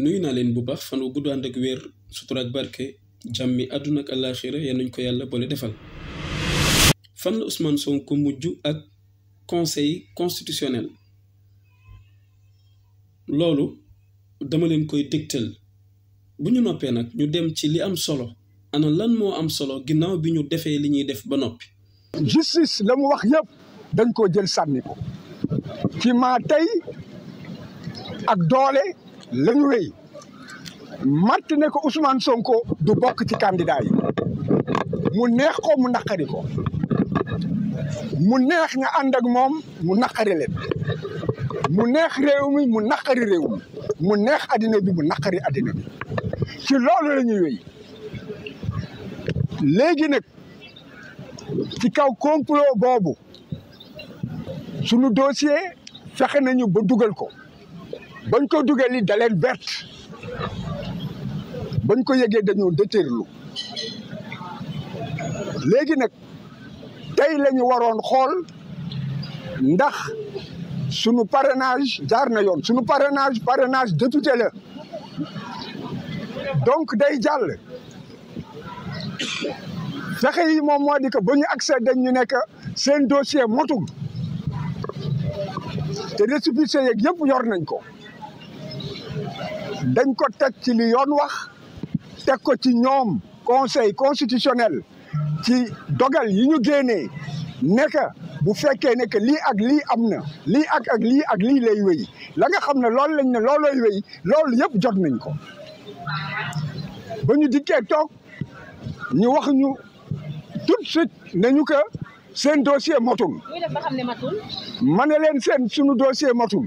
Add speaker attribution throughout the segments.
Speaker 1: nuyu naa leen bu baax fan wu gudd ànd ak wér sutura ak barke jàmmi àdduna ak àllaaxira yal nañu ko yàlla boole defal. fan la Ousmane Sonko mujj ak conseil constitutionnel loolu dama leen koy dégtal bu ñu noppee nag ñu dem ci li am solo ana lan moo am solo ginnaaw bi ñu defee li ñuy def ba noppi. justice la mu wax yëpp dañ
Speaker 2: koo jël sànni ko ci maa tey ak doole. la ñu rëy ne ko Ousmane Sonko du bokk ci candidat yi mu neex ko mu naqari ko mu neex nga ànd moom mu naqari leen mu neex réew mi mu naqari réew mi mu neex addina bi mu naqari addina bi ci loolu la ñuy léegi nag ci kaw complot boobu sunu dossier fexe nañu ba dugal ko bañ koo dugal li daleen bert bañ ko yëgee dañoo déterlu léegi nag tey lañu waroon xool ndax sunu parenage jaar na yoon sunu parenage parrainage député donc day jàll fexe yi moom moo di que ba ñu accéder ñu nekk seen dossier motul te récépissé yeeg yëpp yor nañ ko dañ ko teg ci li yoon wax teg ko ci ñoom conseil constitutionnel ci dogal yi ñu génnee nekk bu fekkee ne que lii ak lii am na lii ak ak lii ak lii lay wéy la nga xam ne loolu lañ ne loolooy wéy loolu yëpp jot nañ ko ba ñu dikkee toog ñu wax ñu tout de suite nañu que seen dossier matul. ma ne leen seen sunu dossier matul.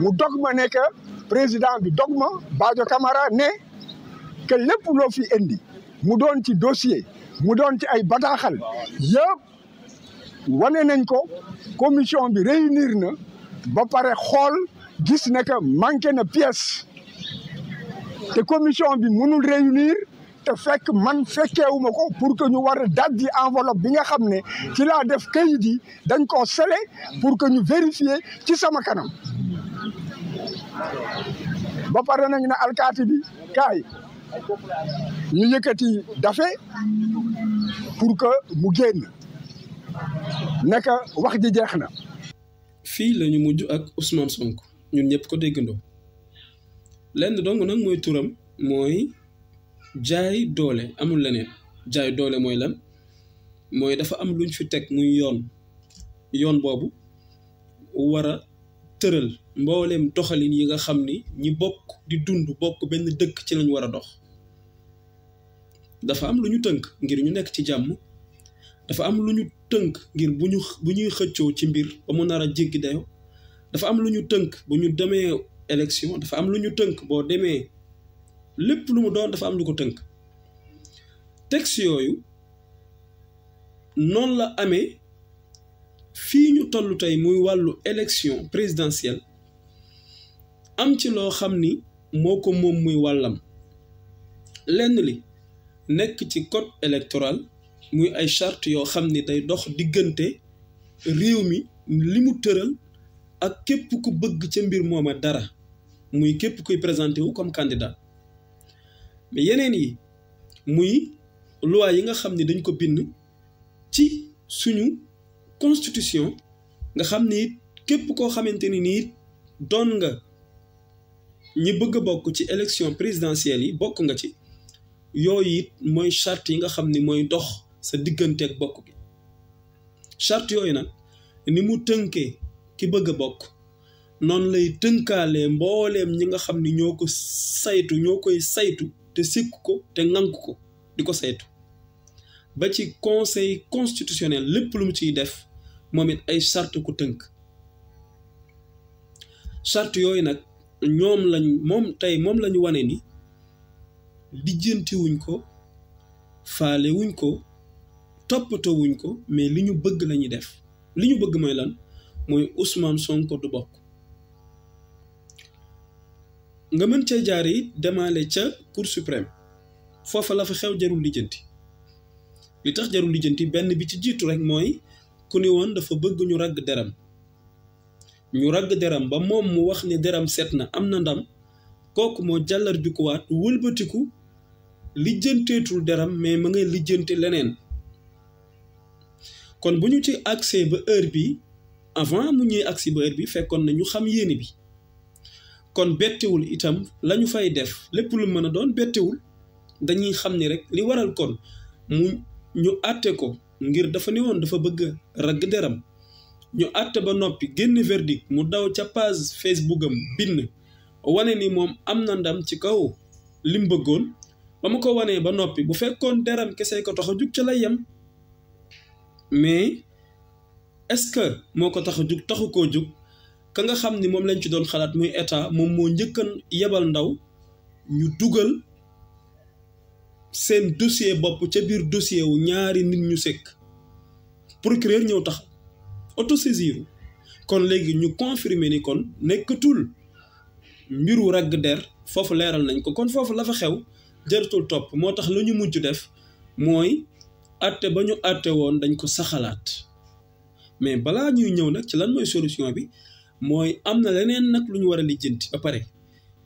Speaker 2: mu dogma ne que président bi dog Badio Camara ne que lepp lo fi indi mu don ci dossier mu don ci ay bataxal yëpp wane nañ ko commission bi réunir na ba paré xol gis ne que manqué na pièce te commission bi mënul réunir te fekk man fekkeewuma ko pour que ñu war a enveloppe bi nga xam ne ci laa def kayit yi dañ koo sele pour que ñu vérifier ci sama kanam ba pare nag na alkaati bi kaay ñu yëkkati dafe pour que mu génn
Speaker 1: naka wax ji jeex na. fii lañu mujj ak Ousmane Sonko ñun ñëpp ko déggandoo lenn dong nag mooy turam mooy jaay doole amul leneen jaay doole mooy lan mooy dafa am luñ fi teg muy yoon yoon boobu war a tëral. mbooleem doxalin yi nga xam ni ñi bokk di dund bokk benn dëkk ci lañ war a dox dafa am lu ñu tënk ngir ñu nekk ci jàmm dafa am lu ñu tënk ngir bu ñu bu ñuy xëccoo ci mbir ba mu nar a jéggi dayo dafa am lu ñu tënk ñu demee élection dafa am lu ñu tënk boo demee lépp lu mu doon dafa am lu ko tënk texte yooyu noonu la amee fii ñu toll tey muy wàllu élection présidentielle am ci loo xam ni moo ko moom muy wàllam lenn li nekk ci code électoral muy ay charte yoo xam ni day dox diggante réew mi li mu tëral ak képp ku bëgg ca mbir mooma dara muy képp kuy présenté wu comme candidat mais yeneen yi muy loi yi nga xam ni dañ ko bind ci suñu constitution nga xam ni képp koo xamante ni nii doon nga ñi bëgg bokk ci élection présidentielle yi bokk nga ci yooyu it mooy charte yi nga xam ni mooy dox sa digganteeg bokk gi charte yooyu nag ni mu tënkee ki bëgg a bokk noonu lay tënkaale mbooleem ñi nga xam ni ñoo ko saytu ñoo koy saytu te sikk ko te ŋànk ko di ko saytu ba ci conseil constitutionnel lépp lu mu ciy def moom it ay chart ku tënk charte yooyu nag ñoom lañ moom tey moom lañu wane ni lijjanti ko faale ko toppatoo ko mais li ñu bëgg lañuy def li ñu bëgg mooy lan mooy Ousmane Sonko du bokk nga mën cee jaare it demaale ca Cour suprême foofa la fa xew jarul lijjanti li tax jarul lijjanti benn bi ci jiitu rek mooy ku ni woon dafa bëgguñu ñu ragg deram ñu ragg deram ba moom mu wax ni deram set na am na ndam kooku moo jàllar bi wëlbatiku lijjanteetul deram mais ma ngay lijjante leneen kon bu ñu ci accès ba heure bi avant mu ñuy agsi ba heure bi fekkoon na ñu xam yéene bi kon bettewul itam lañu fay def lépp lu mën a doon bettewul dañuy xam ni rek li waral kon mu ñu àtte ko ngir dafa ne woon dafa bëgg ragg deram ñu àtte ba noppi génn verdict mu daw ca page facebook am bind wane ni moom am na ndam ci kaw li mu bëggoon ba mu ko wanee ba noppi bu fekkoon deram kese ko tax a jug ca lay yem mais est-ce que moo ko tax a jug taxu koo jug ka nga xam ni moom lañ ci doon xalaat muy état moom moo njëkkan yebal ndaw ñu dugal seen dossier bopp ca biir dossier wu ñaari nit ñu sekk procureur ñëw tax auto autosaisir kon léegi ñu confirmer ni kon nekkatul mbiru ragg der foofu leeral nañ ko kon foofu la fa xew jaratul topp moo tax lu ñu mujj def mooy atte ba ñu atte woon dañ ko saxalaat mais balaa ñuy ñëw nag ci lan mooy solution bi mooy am na leneen nag lu ñu war a lijjanti ba pare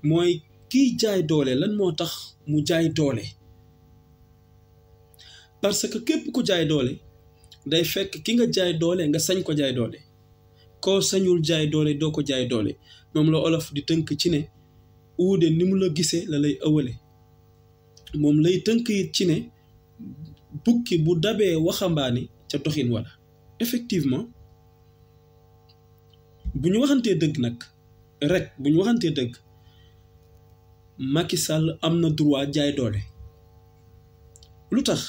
Speaker 1: mooy kiy jaay doole lan moo tax mu jaay doole parce que képp ku jaay doole day fekk ki nga jaay doole nga sañ ko jaay doole koo sañul jaay doole doo ko jaay doole moom la olof di tënk ci ne uude ni mu la gisee la lay ëwale moom lay tënk it ci ne bukki bu dabee waxambaane ca doxin wala effectivement bu ñu waxantee dëgg nag rekk bu ñu waxantee dëgg Macky Sall am na droit jaay doole lu tax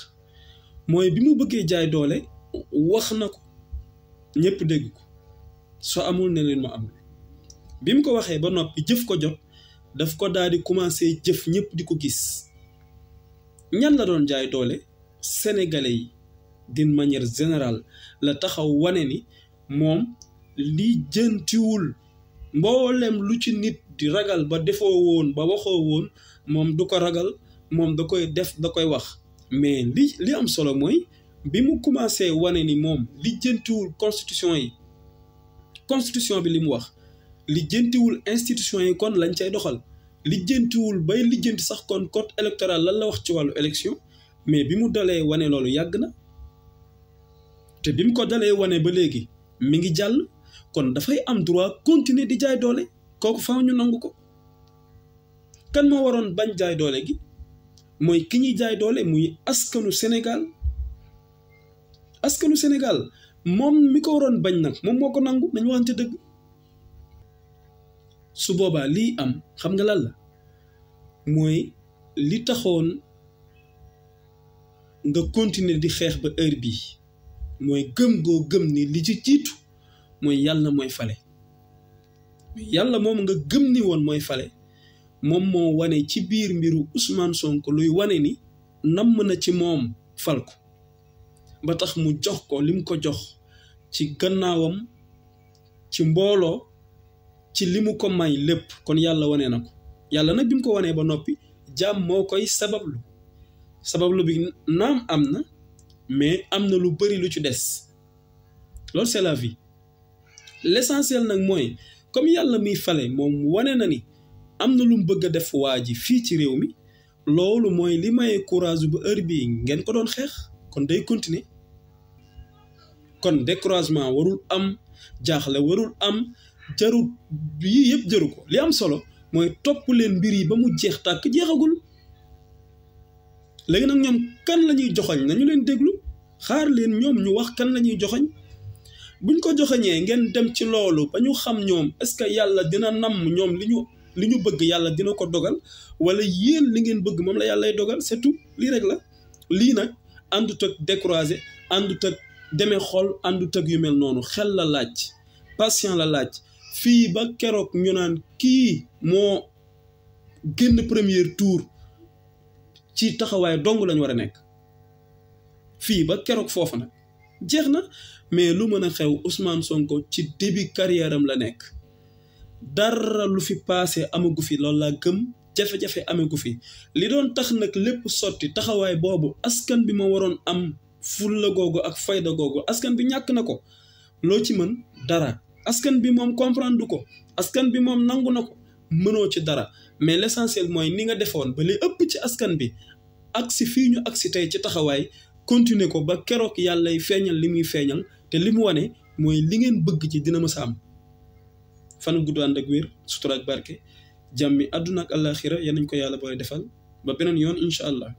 Speaker 1: mooy bi mu bëggee jaay doole wax na ko ñëpp dégg ko soo amul ne leen ma am bi mu ko waxee ba noppi jëf ko jot daf ko daal di commencé jëf ñëpp di ko gis ñan la doon jaay doole sénégalais yi d'une manière général la taxaw wane ni moom li jëntiwul mboolem lu ci nit di ragal ba defoo woon ba waxoo woon moom du ko ragal moom da koy def da koy wax mais li li am solo mooy bi mu commencé wane ni moom lijjantiwul constitution yi constitution bi li mu wax lijjantiwul institution yi kon lañ cay doxal lijjantiwul bay lijjanti sax kon code électoral lan la wax ci wàllu élection mais bi mu dalee wane loolu yàgg na te bi mu ko dalee wane ba léegi mi ngi jàll kon dafay am droit continuer di jaay doole kooku fa ñu nangu ko kan moo waroon bañ jaay doole gi mooy ki ñuy jaay doole muy askanu Sénégal askanu senegal moom mi ko waroon bañ nag moom moo ko nangu nañu waxante dëgg su boobaa lii am xam nga lan la mooy li taxoon nga continuer di xeex ba heure bii mooy gëm goo gëm ni li ci jiitu mooy yàlla mooy fale yàlla moom nga gëm ni woon mooy fale moom moo wane ci biir mbiru Ousmane sonk luy wane ni namm na ci moom fal ko ba tax mu jox ko lim ko jox ci gannaawam ci mbooloo ci li mu ko may lépp kon yàlla wane na ko yàlla nag bi mu ko wanee ba noppi jaam moo koy sabablu sabablu bi naam am na mais am na lu bari lu ci des loolu c'est la vie nag mooy comme yàlla muy fale moom wane na ni am na lu mu bëgg a def waa ji fii ci réew mi loolu mooy li maye courage bu heure bii ngeen ko doon xeex day continuer kon découragement warul am jaaxle warul am jarul yii yëpp jaru ko li am solo mooy topp leen mbir yi ba mu jeex tàkk jeexagul léegi nag ñoom kan lañuy ñuy joxoñ nañu leen déglu xaar leen ñoom ñu wax kan la ñuy joxoñ buñ ko joxoñee ngeen dem ci loolu ba ñu xam ñoom est-ce que yàlla dina namm ñoom li ñu li ñu bëgg yàlla dina ko dogal wala yéen li ngeen bëgg moom la yàllay dogal c'est lii rek la lii nag àndut ak décroisé àndut ak demee xol àndut ak yu mel noonu xel la laaj patient la laaj fii ba keroog ñu naan kii moo génn premier tour ci taxawaay dong lañ war a nekk fii ba keroog foofu nag jeex na mais lu mën a xew Ousmane Sonko ci début carrière la nekk dara lu fi passé amagu fi loolu laa gëm jafe-jafe amé ko fi li doon tax nak lepp soti taxaway bobu askan bi ma waron am fulla gogo ak fayda gogo askan bi ñak nako lo ci man dara askan bi mom comprendre ko askan bi mom nangu nako ko ci dara mais l'essentiel moy ni nga defone ba li ëpp ci askan bi ak si fii ñu ak si tay ci taxaway continuer ko ba kérok yalla yi feeñal li te li ngeen bëgg ci dina ma sam fan gudd ak wër sutura ak barké jàmmi àdduna ak àllaaxira yal nañ ko yàlla boole defal ba beneen yoon incha allah.